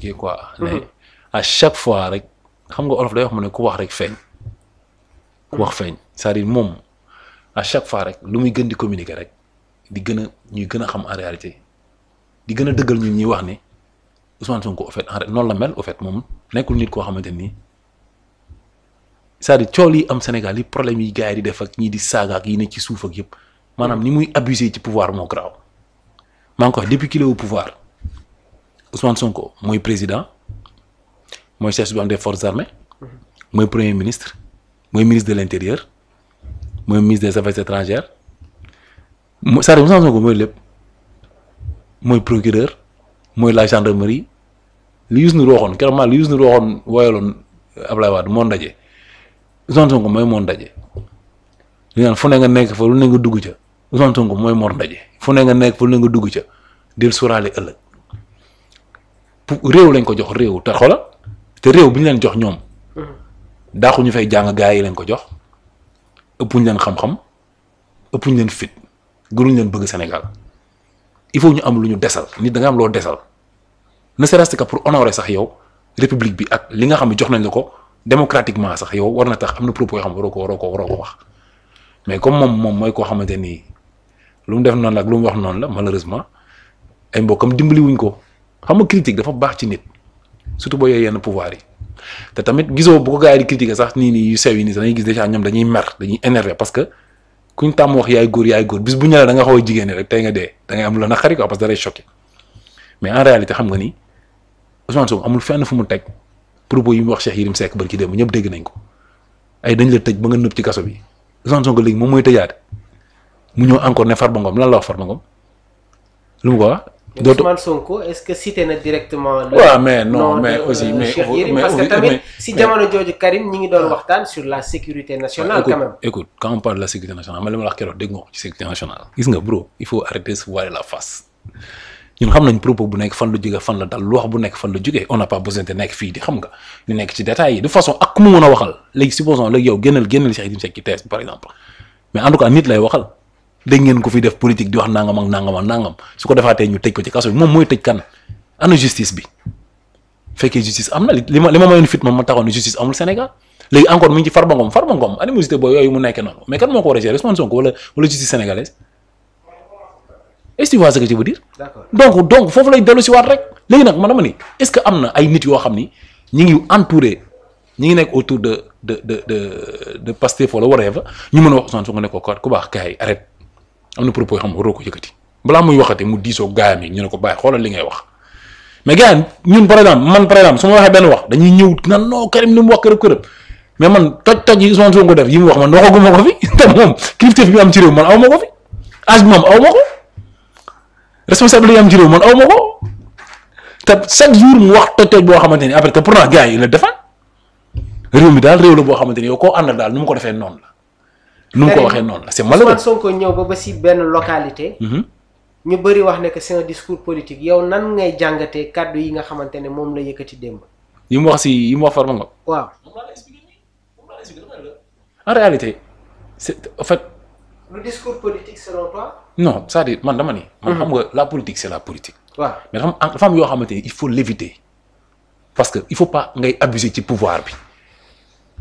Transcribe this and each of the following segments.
kii quoi. Mm-hmm. mais chaque fois rek xam nga olof day wax mu ne ku wax rek feeñ. ku wax feeñ cest à moom à chaque fois rek lu muy gën di communiquer rek di gën a ñuy gën a xam en réalité di gën a dëggal ñun ñuy wax ni Ousmane Sonko au fait en noonu la mel au moom nekkul nit koo xamante ni c'est-à-dire cool yi am Sénégal yi problème yi gars yi di def ak ñii di saaga ak yi ne ci suuf ak yëpp maanaam ni muy abuser ci pouvoir moo grave maa ngi ko wax depuis pouvoir. Ousmane Sonko mooy président mooy chef suprême des forces armées mooy premier ministre mooy ministre de l' intérieur mooy ministre des affaires étrangères mooy mooy lépp mooy procureur mooy la gendarmerie li Youssou Ndour waxoon keroog maa li Youssou Ndour waxoon woyaloon Ablaye Wade moo ndaje Ousmane Sonko ndaje li naan fu nga nekk fa lu ne nga dugg ca Ousmane Sonko mooy moo ndaje fu ne nga nekk fa lu ne nga dugg ca del sóoraale pour réew lañ ko jox réew te xoola te réew bi ñu leen jox ñoom mm-hmm. daaxuñu ñu fay jàng gaa yi lañ ko jox ëppuñ leen xam-xam ëppuñ leen fit gënuñ leen bëgg Sénégal il faut ñu am lu ñu desal nit da am loo desal ne serait-ce que pour honorer sax yow république bi ak li nga xam ne jox nañ la ko démocratiquement sax yow war na tax am na propos xam waroo ko waroo ko waroo ko wax mais comme moom moom mooy koo xamante nii lu mu def noonu la ak lu mu wax noonu la malheureusement ay mbokkam dimbali wuñ ko. xam nga critique dafa baax ci nit surtout boo yee yenn pouvoir yi te tamit gisoo bu ko gars yi di critiquer sax nii nii yu dañuy gis déjà ñoom dañuy mer dañuy énervé parce que kuñ tàmm wax yaay góor yaay góor bis bu ñëwee xaw a jigéen rek tey nga dee da ngay am lu la naqari mais en réalité xam nga ni Ousmane Sonko amul fenn fu mu teg propos yi mu wax Cheikh Yérim Seck barki démb ñëpp dégg nañ ko ay dañ la tëj ba nga nëb ci kaso bi Ousmane Sonko léegi moom mooy tëjaate mu ñëw encore ne far Ngom lan la wax Farba Ngom lu mu ko wax dootul Ousmane Sonko est-ce que cité directement. le ouais, mais non euh, mais si jamono jooju Karim ñi ngi doon waxtaan sur la sécurité nationale. quand même écoute quand on parle de la sécurité nationale ma la wax dégg nga sécurité nationale. gis nga bro i faut arrêter se voiler la face ñun xam nañ propos bu nekk fan la jógee fan la dal lu bu nekk fan la jógee on n'a pas besoin de nekk fii di xam nga di nekk ci détails yi de façon ak ku mu mën a waxal léegi supposons léegi yow génnal génnal Cheikh Yérim Seck ci thèse par exemple mais en tout nit lay waxal. dégg ngeen ko fi def politique di wax nangam ak nangam ak su ko defaatee ñu tëj ko ci kaso bi moom mooy tëj kan ana justice bi fekkee justice am na li ma li ma mayoon fit moom ma taxoon ne justice amul Sénégal léegi encore mu ngi ci Farba Ngom Farba Ngom animosité boobu yooyu mu nekkee noonu mais kan moo ko war a gérer Ousmane Sonko wala wala justice sénégalaise est-ce que tu foofu lay dellu si waat rek léegi nag man dama ni ce que am na ay nit yoo xam ni ñi ngi entouré ñi ngi nekk autour de de de de de Pastef wala mën a wax Ousmane Sonko ne ko ku baax kaay arrête am na propos yoo xam waroo ko yëkkati balaa muy waxati mu diisoo gaayam yi ñu ne ko bàyyi xoolal li ngay wax mais gars ñun par exemple man par exemple su ma waxee benn wax dañuy ñëw nan non Karim mu wax mais man toj-toj yi Ousmane Sonko yi mu wax man waxaguma ko fi te moom kilifteef bi am ci réew man aw moom aw ma ko responsabilité yi am ci réew man aw ma ko te chaque jour mu wax toj-toj boo xamante ni après te pourtant gars yi la mi daal réew la boo xamante ni yow koo àndal daal nu mu ko defee noonu la. nu mu waxee noonu la c'est malheureux Ousmane Sonko ba ba si benn localité. Mhm. ñu bëri wax ne que c'est un politique yow nan ngay jàngatee kàddu yi nga xamante ne moom la yëkkati démb. yi mu wax si yi mu wax Farba Ngom. waaw. en réalité c'est en fait. man dama ni. man mhm. xam nga la politique c'est la politique. waaw mais dafa am dafa yoo xamante ni il faut l'éviter parce que il faut pas ngay abuser ci pouvoir bi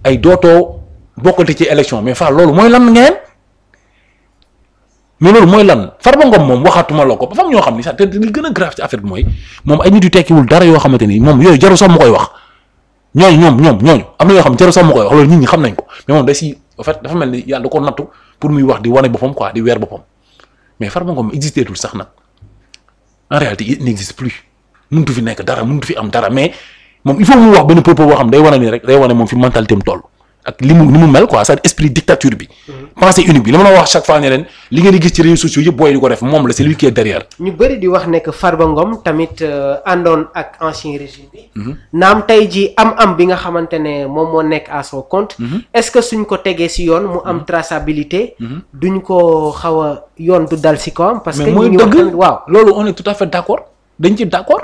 ay dootoo. bokkati ci élection mais fa loolu mooy lan ngeen mais loolu mooy lan Farba moom waxaatuma la ko ba fam ñoo xam ni sax te li gën a grave affaire bi mooy moom ay nit yu tekkiwul dara yoo xamante ni moom yooyu jaru sax mu koy wax ñooñu ñoom ñoom ñooñu am na yoo xam jaru sax mu koy wax loolu nit ñi xam nañ ko mais moom da si en fait dafa mel ni yàlla ko nattu pour muy wax di wane boppam quoi di weer boppam mais Farba Ngom existé tul sax nag en réalité il n'existe plus mënutu fi nekk dara mënutu fi am ak li mu ni mu mel quoi c'est esprit dictature bi. Mhm. pensée unique bi li ma la wax chaque fois ne leen li ngeen di gis ci réseaux sociaux yëpp booy di ko def moom la c'est lui derrière. ñu bëri di wax nekk Farba Ngom tamit euh, àndoon ak ancien régime bi. Mhm. naam tey jii am-am bi nga xamante ne moom moo nekk à son compte. Mhm. est-ce que suñ ko tegee si yoon mu am traçabilité. duñ ko xaw a yoon du dal si kawam. parce que ñu ngi waaw loolu on est tout à fait d'accord dañ ci d'accord.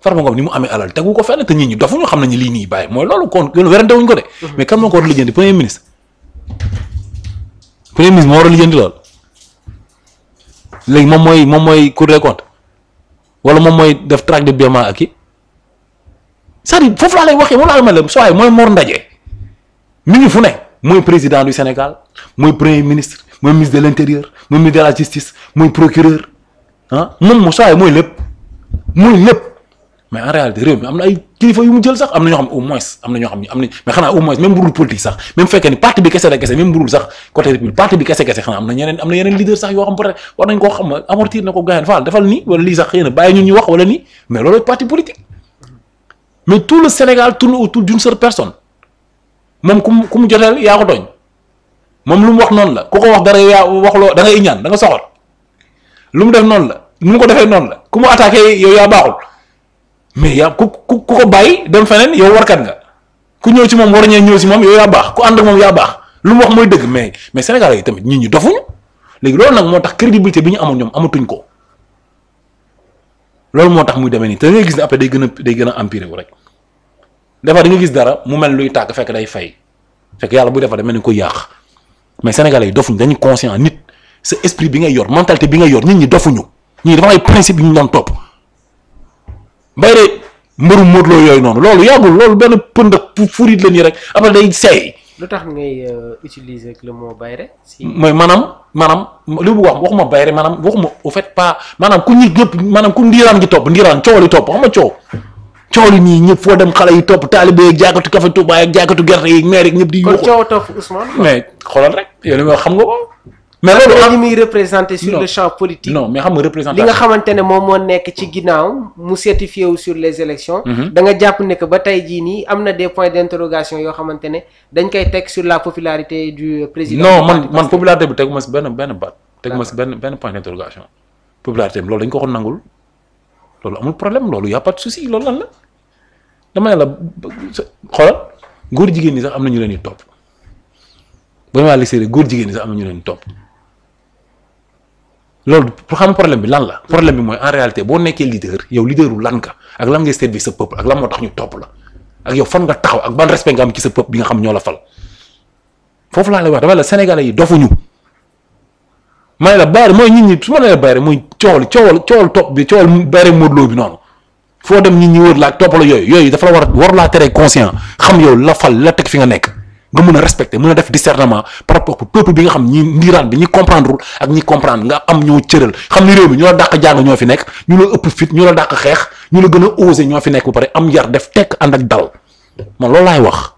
Farba Ngom ni mu amee alal tegu ko fenn te nit ñi dofuñu xam nañu lii nii bàyyi mooy loolu kon werante wuñ ko de. Mhm. mais kan moo ko war a premier ministre. moo war a lijjanti loolu moom mooy moom mooy cour des comptes wala moom mooy def traque de biement ak kii c'est-à-dire foofu laa lay waxee moom laa lay mel soo mooy Mor Ndaje mi ngi fu ne mooy président du Sénégal mooy premier ministre mooy ministre de l'intérieur mooy ministre de la justice mooy procureur ah. mooy lépp mooy mais en réalité réew mi am na ay kilifa yu mu jël sax am na ñoo xam ne au moins am na ñoo xam ne am nañ mais xanaa au moins même burul politique sax même fekkee ni bi kese la kese même burul sax côté république parti bi kese kese xanaa am na yeneen leader sax yoo xam peut être war nañ koo xam amortir na ko gaayen faal defal nii wala lii sax xëy na bàyyi ñun ñu wax wala nii mais loolu parti politique mais tout le Sénégal tourne autour d'une seule personne moom mu mu joteel yaa ko tooñ moom lu mu wax noonu la ku ko wax dara yaa waxloo da ngay ñaan da nga soxor lu mu def noonu la nu mu ko defee noonu la ku mu attaqué yow yaa baaxul mais yaa ku ku ku ko bàyyi dem feneen yow warkat nga ku ñëw ci moom war ñee ñëw si moom yow yaa baax ku ànd ak moom yaa baax lu mu wax mooy dëgg mais mais yi tamit nit ñi dofuñu loolu nag moo tax crédibilité bi ñu amoon ñoom amatuñ ko loolu moo tax muy demee nii da ngay gis ne après day gën a day gën a empiré wu rek des fois da nga gis dara mu mel luy tàkk fekk day fay fekk yàlla bu defar da mel ni ko yàq mais Sénégalais yi dofuñu dañuy conscient nit sa esprit bi ngay yor mentalité bi ngay yor nit ñi dofuñu ñii dafa am ay principe yu ñu doon topp. bayre mbëru Modou Lo yooyu noonu loolu yàggul loolu benn pënd ak furit la nii rek après day seey. lu tax ngay euh, utiliser le mot bayre si mooy maanaam maanaam li mu wax waxuma bayre maanaam waxuma au fait pas maanaam ku nit ñëpp maanaam ku ndiiraan gi topp ndiiraan coow topp xam nga coow. coow li nii ñëpp foo dem xale yi topp taalibe yeeg jaakatu kafe tubaay ak gerte yi meer yeeg ñëpp di. yuuxu kon coow topp mais xoolal rek yow li xam nga ko. mais loolu am li muy représenté sur le xam nga représentation li nga xamante ne moom moo nekk ci ginnaaw mu certifié wu sur les élections mhm. da nga jàpp ne que ba tey jii nii am na des points d' yoo xamante ne dañ koy teg sur la popularité du président. non man man popularité bi tegu ma si benn benn baat. tegu ma si benn benn point d' interrogation. popularité bi loolu dañ ko waxoon nangul loolu amul problème loolu y' a pas de souci loolu lan la dama ne la xoolal góor jigéen ñi sax am na ñu leen di topp vraiment la séeréer góor jigéen ñi am na ñu leen topp. loolu pour xam problème bi lan la problème bi mooy en réalité boo nekkee leader yow leaderu lan nga ak lan ngay servir sa peuple ak lan moo tax ñu topp la ak yow fan nga taxaw ak ban respect nga am ci sa peuple bi nga xam ñoo la foofu laa lay wax dama la yi dofuñu ma ne la mooy nit ñi su ma nee la bayre mooy coowal coowal coowal topp bi coowal bayre modloo bi foo dem nit ñi la ak yooyu yooyu dafa war war laa tere conscient xam yow la fal la teg fi nga nekk nga mën a respecter mën a def discernement par rapport ak peuple bi nga xam ñi ndiiraan bi ñi comprendre ak ñi comprendre nga am ñoo cëral xam ni réew mi ñu la dàq jàng ñoo fi nekk ñu la ëpp dàq xeex ñu la gën a osé ñoo fi nekk ba pare am yar def tekk ànd ak dal man loolu laay wax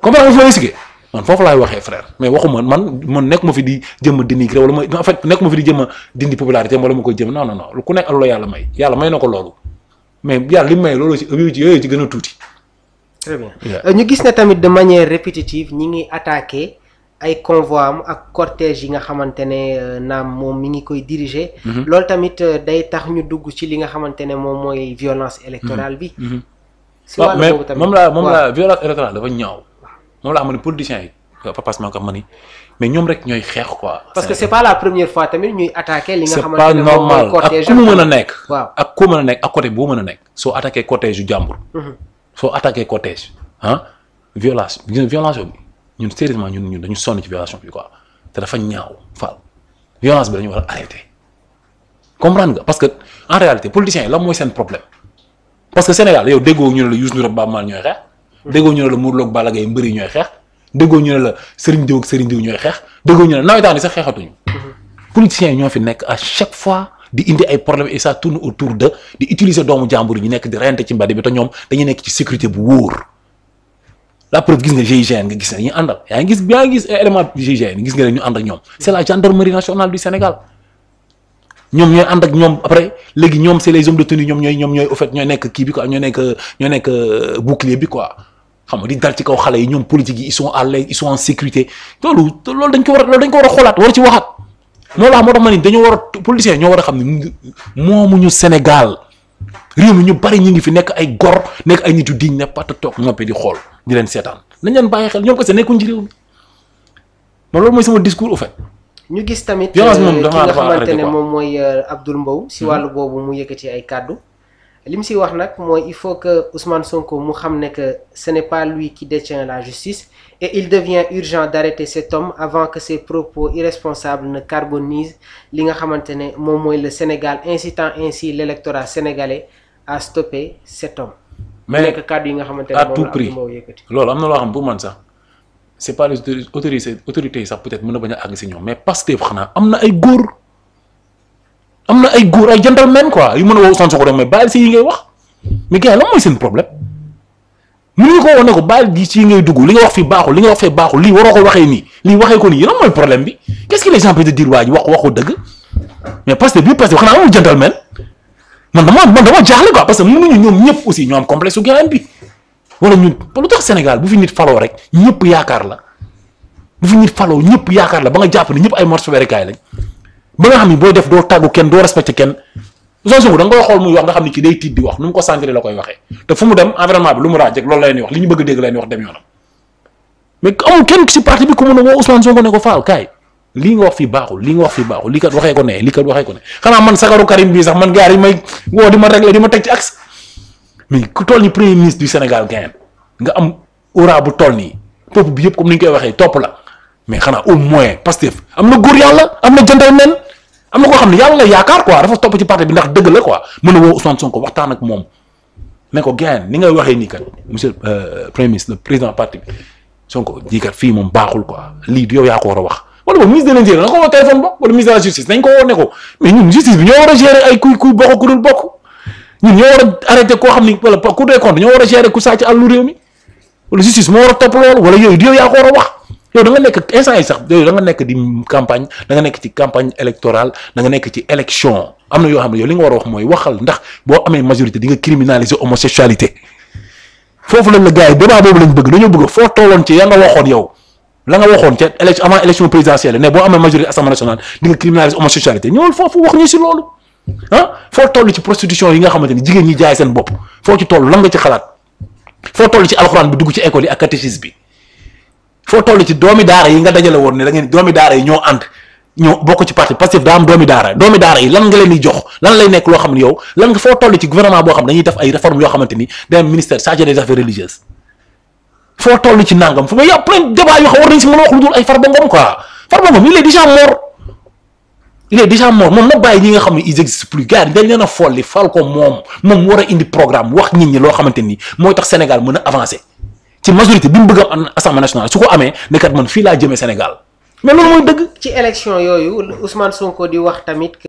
comprendre nga fi man foofu laay waxee frère mais waxuma man man nekk ma fi di jëm a dénigrer wala ma en fait ma fi di jëm a dindi popularité wala ma koy jëm non non non ku nekk ak loolu yàlla may yàlla may na ko loolu gën tuuti très bien euh, ñu gis na tamit de manière répétitive ñi ngi attaqué ay convoi am ak cortège yi nga xamante ne euh, naam moom mi ngi koy diriger. Mm-hmm. lool tamit euh, day tax ñu dugg ci li nga xamante ne moom mooy violence électorale bi. Mm-hmm. Mm-hmm. si wàllu moom la moom ñaaw. moom laa xam ne politiciens yi Papa Sma ko xam ne mais ñoom rek ñooy xeex ko parce que c'est pas la première fois tamit ñuy attaquer li nga xamante moom mooy cortège ak ku mën a nekk. waaw ak ku mën a nekk ak côté boo mën a nekk. soo attaqué cortège yu jàmbur. soo attaqué cortège ah violence gis nga violation bi ñun sérieusement ñun ñun dañu sonn ci violation bi quoi te dafa ñaaw faal violence bi dañu war a arrêté comprendre nga parce que en réalité politiciens yi lan mooy seen problème parce que Sénégal yow déggoo ñu ne la Youssou Ndour ak Baaba Maal ñooy xeex. déggoo ñu la Modou Lo ak Balla Gaye ñooy xeex. déggoo ñu la Serigne Diw ak Serigne Diw ñooy xeex déggoo ñu ne nawetaan yi sax xeexatuñu. Mm-hmm. politiciens yi ñoo fi nekk à chaque fois. di indi ay problème et ça tourne autour de di utiliser doomu jàmbur ñu nekk di rente ci mbedd bi te ñoom dañu nekk ci sécurité bu wóor la preuve gis nga GIGN nga gis nga ne ñu ànd ñoom c'est la gendarmerie nationale du Sénégal ñoom ñooy ànd ñoom après léegi ñoom c'est les hommes de tenue ñoom ñoom ñooy au ñooy nekk kii bi quoi ñooy nekk ñooy euh, bi quoi xam di dal ci kaw xale yi ñoom politique yi ils sont à l'aise ils sont en sécurité loolu loolu dañ ko a xoolaat war loolu laa moo tax ma ni dañoo war a politiciens ñoo war a xam ne moomuñu Sénégal réew mi ñu bari ñu ngi fi nekk ay gor nekk ay nit yu diñ ne pat toog noppi di xool di leen seetaan nañ leen bàyyi xel ñoom ko se nekkuñ ci réew mi man loolu mooy sama discours au fait. ñu gis tamit. violence moom euh, damaa dafa ki nga xamante ne moom mooy euh, Abdoul Mbow. si mm-hmm. wàllu boobu mu yëkkati ay kàddu. li mu si wax nag mooy il faut que Ousmane Sonko mu xam ne que ce n'est pas lui qui détient la justice et il devient urgent d'arrêter cet homme avant que ses propos irresponsables ne carbonisent li nga xamante ne moom mooy le Sénégal incitant ainsi l'électorat sénégalais à stopper cet homme. mais nekk kàddu nga xamante ne à tout prix loolu man sax c'est pas les autorités autorités yi sax peut-être mën na bañ a àgg si ñoom mais am na ay góor. am na ay góor ay gentleman quoi yu mën a woo Ousmane Sonko mais bàyyi si yi ngay wax mais gars lan mooy seen problème mënuñu ko woon ne ko bàyyi si yi ngay dugg li nga wax fi baaxul li nga wax fee baaxul lii waroo ko waxee nii lii waxee ko nii lan mooy problème bi quest wax waxu dëgg mais parce que bii parce que xanaa amul gentleman man dama man dama jaaxle quoi parce que ñoom ñëpp aussi ñoom am complexe su gànnaam bi wala ñun lu tax Sénégal bu fi nit faloo rek ñëpp yaakaar la bu fi nit faloo ñëpp yaakaar la ba jàpp ne ñëpp ay morceaux verrikaay lañ ba nga xam ni booy def doo tàggu kenn doo respecté kenn Ousmane Sonko da nga koy xool muy wax nga xam ni ki day tiit di wax nu mu ko sentir la koy waxee te fu mu dem environnement bi lu mu raaj li a dégg la kenn a ko faal kaay lii nga wax wax fii baaxul lii waxee ko ne lii kat waxee ko ne xanaa man sagaru Karim bii sax man gars yi may woo di ma teg ci axe mais ku toll ni premier ministre du Sénégal gain nga am aura bu toll nii peuple bi yëpp comme ni ñu koy waxee topp la mais xanaa au moins Pastef am na góor yàlla am na gentleman am na koo xam ne yàlla la yaakaar quoi dafa topp ci bi ndax dëgg la quoi mën a woo Ousmane Sonko waxtaan ak moom ne ko gain ni ngay waxee nii kat monsieur euh, premier ministre le président parti bi Sonko fii moom baaxul quoi lii du yow yaa ko war a wax wala boobu ko woo téléphone ba ko woo ne ko mais ñun justice war a gérer ay kuy kuy bokk ku a koo xam ni wala Cour des comptes ñoo war ku sàcc àllu wala justice moo war a topp loolu wala yooyu yaa ko war yow da nga nekk sax yow da nga nekk di campagne da nga nekk ci campagne électorale da nekk ci élection am na yoo xam ne yow li nga war a wax mooy waxal ndax boo amee majorité di nga criminaliser homosexualité foofu lañ la gars yi débat boobu lañ bëgg dañoo bëgg foo tolloon ci ya nga waxoon yow la nga waxoon ca élection avant élection présidentielle ne boo amee majorité assemblée nationale di nga criminaliser homosexualité ñëwal foofu wax ñu si loolu ah, foo toll ci prostitution yi nga xamante ni jigéen ñi jaay seen bopp foo ci toll lan nga ci xalaat foo toll ci alxuraan école yi ak catéchisme foo toll ci doomi daara yi nga dajale woon ne da ngeen doomi daara yi ñoo ànd ñoo bokk ci parti Pastef leen di jox lan lay nekk loo xam ne yow lan foo toll ci gouvernement boo xam yoo toll ci nangam fu ma y' a plein de débats yoo xam war nañ si mën a wax lu dul ay Farba Ngom quoi Farba Ngom il est déjà mort il déjà mort moom na bàyyi ñi nga xam ne ils existent plus gars dañ leen folli fal ko moom moom war a indi programme wax nit ñi loo xamante ni mooy tax Sénégal mën a avancer. ci majorité bi mu bëgg am assemblée nationale su ko amee ne man fii laa jëmee Sénégal mais loolu mooy dëgg. ci élection yooyu Ousmane Sonko di wax tamit.